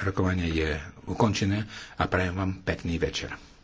Rokovanie je ukončené a prajem vám pekný večer.